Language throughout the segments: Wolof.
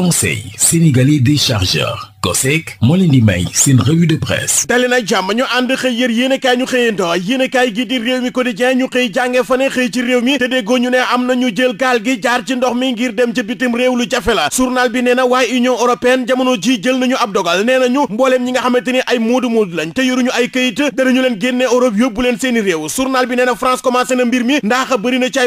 conseil sénégalais des chargeurs COSEC moo leen di may seen revue de presse dali na jàmm ñu ànd xëy yër yéenekaay ñu xëyando yéenekaay gi di réew mi quotidien ñu xëy jànge fa ne xëy ci réew mi te déggoo ñu ne am na ñu jël gaal gi jaar ci ndox mi ngir dem ca bitim réew lu jafe la journal bi nee na waaye union européenne jamono ji jël nañu ab dogal nee nañu mbooleem ñi nga xamante ni ay moodu moodu lañ te yoruñu ay këyit danañu leen génne Europe yóbbu leen seeni réew journal bi nee na France commencé na mbir mi ndax bëri na ci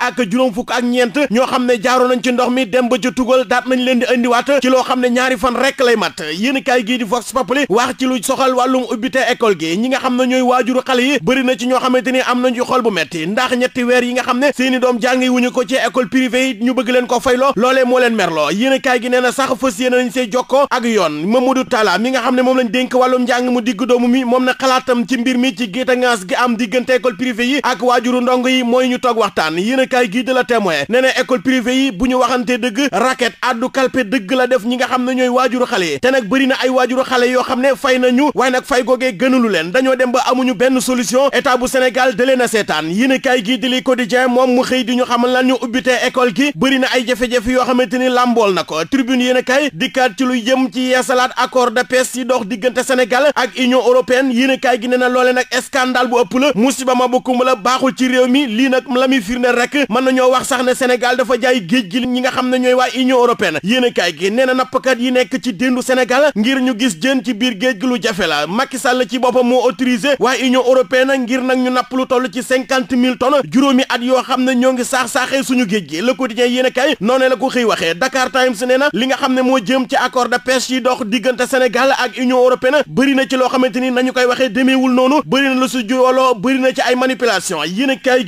ak juróom fukk ak ñeent ñoo xam ne jaaro nañ ci ndox mi dem ba ca tugal daat nañ leen di indiwaat ci loo xam ne ñaari fan rek lay mat yéen kaay gii di Vox Populi wax ci lu soxal wàllum ubbite école gi ñi nga xam ne ñooy waajuru xale yi bëri na ci ñoo xamante ni am nañ ci xol bu metti ndax ñetti weer yi nga xam ne seeni doom jàng wuñu ko ci école privée yi ñu bëgg leen ko fayloo loolee moo leen merloo yéen kaay gi nee na sax fas yéene nañ see jokkoo ak yoon nga xam ne moom lañ dénk wàllum njàng mu digg doomu mi moom na xalaatam ci mbir mi ci gétangaas gi am diggante école privée yi ak waajuru ndongo yi mooy ñu toog waxtaan yéen kaay gii de la témoin nee na école privée yi bu ñu waxantee dëgg raquette addu kalpe dëgg la def ñi nga xam na ñooy waajuru xale yi te nag bëri na ay waajuru xale yoo xam ne fay nañu waaye nag fay googee gënalu leen dañoo dem ba amuñu benn solution état bu Sénégal da leen seetaan yéen kaay gii di li quotidien moom mu xëy di ñu xamal lan ñu ubbitee école gi bëri na ay jafe-jafe yoo xamante ni làmbool na ko tribune yéen kaay dikkaat ci lu jëm ci yeesalaat accord de paix yi dox diggante Sénégal ak Union européenne yéen kaay gi nee na loole nag scandale bu ëpp la musiba ma bu kumba la baaxul ci réew mi lii nag la muy firnde rek nag mën nañoo wax sax ne Sénégal dafa jaay géej gi ñi nga xam ne ñooy waa Union européenne yéenekaay gi nee na nappkat yi nekk ci déndu Sénégal ngir ñu gis jën ci biir géej gi lu jafe la Macky Sall ci boppam moo autorisé waa Union européenne ngir nag ñu nappalu lu toll ci cinquante mille tonnes juróomi at yoo xam ne ñoo ngi saax-saaxee suñu géej gi Le Quotidien yéenekaay noonee la ko xëy waxee Dakar Times nee na li nga xam ne moo jëm ci accord de pêche yi dox diggante Sénégal ak Union européenne bëri na ci loo xamante ni nañu koy waxee demeewul noonu bëri na la na ci ay manipulation yéenekaay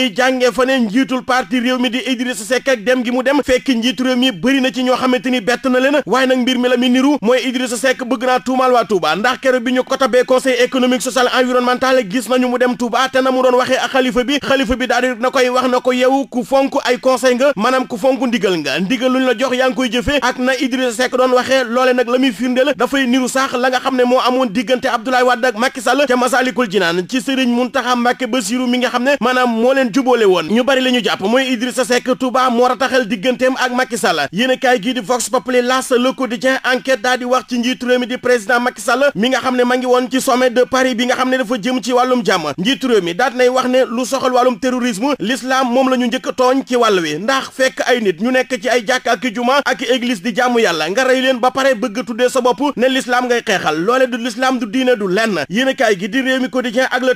yi jàngee fa ne njiitul parti réew mi di Idrissa Seck ak dem gi mu dem fekk njiitu réew mi bëri na ci ñoo xamante ni bett na leen waaye nag mbir mi la mi niru mooy Idrissa Seck bëgg naa tuumaal waa Touba ndax keroog bi ñu ko tabee conseil économique social environnemental gis nañu mu dem Touba te na mu doon waxee ak xalifa bi xalifa bi daal di na koy wax na ko yow ku fonk ay conseil nga maanaam ku fonk ndigal nga ndigal luñ la jox yaa ngi koy jëfee ak na la muy firndeel dafay niru sax la nga xam ne moo amoon diggante Abdoulaye Wade ak mi nga leen woon ñu bari la ñu jàpp mooy Idrissa Seck Touba moo rataxal digganteem ak Macky Sall yéen a kaay gii di Vox Populi L'As Le Quotidien enquête daal di wax ci njiitu di président Macky Sall mi nga xam ne ma ngi woon ci sommet de Paris bi nga xam ne dafa jëm ci wàllum jàmm njiitu réew mi daat nay wax ne lu soxal wàllum terrorisme l'islam moom la ñu njëkk tooñ ci wàll wi ndax fekk ay nit ñu nekk ci ay jàkk ak juma ak église di jàmm yàlla nga rey leen ba pare bëgg tuddee sa bopp ne l'islam ngay xeexal loole du l'islam du du lenn yéen gi di réew mi quotidien ak le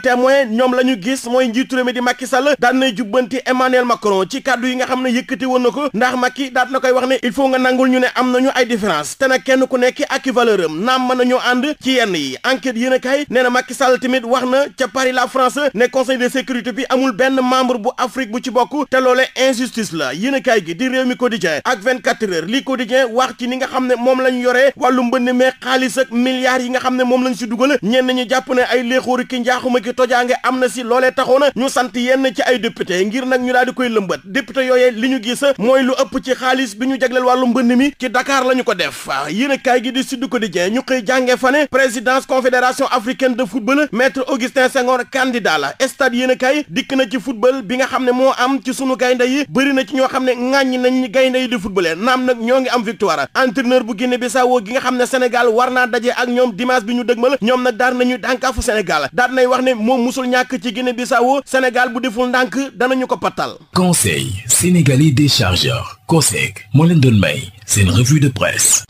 ñoom la ñu gis mooy njiitu réew mi di Macky daan nay jubbanti Emmanuel Macron ci kàddu yi nga xam ne yëkkati woon na ko ndax Macky daat na koy wax ne il faut nga nangul ñu ne am nañu ay différence te nag kenn ku nekk ak valeur am naam mën nañoo ànd ci yenn yi enquête yéen a kaay nee na Macky Sall tamit wax na ca Paris la France ne conseil de sécurité bi amul benn membre bu Afrique bu ci bokk te loolee injustice la yéen a kaay gi di réew mi quotidien ak 24 heures lii quotidien wax ci ni nga xam ne moom lañ yoree wàllu mbënd mee xaalis ak milliards yi nga xam ne moom lañ si dugal ñenn ñi jàpp ne ay léexóori ki njaaxuma ki tojaange am na si loolee taxoona ñu sant yenn ci ay député ngir nag ñu daal di koy lëmbat député yooyee li ñu gis mooy lu ëpp ci xaalis bi ñu jagleel wàllu mbënd mi ci Dakar la ko def yéen kaay gi di Sud Quotidien ñu koy jàngee fane présidence confédération africaine de football maître Augustin Senghor candidat la stade yéen kaay dikk na ci football bi nga xam ne moo am ci sunu gaynde yi bëri na ci ñoo xam ne ŋàññi nañ gaynde yi di footballé naam nag ñoo ngi am victoire entraîneur bu Guinée Bissau gi nga xam ne Sénégal war naa daje ak ñoom tànk danañu ko pattal conseil sénégalais des chargeurs COSEC moo leen doon may seen revue de presse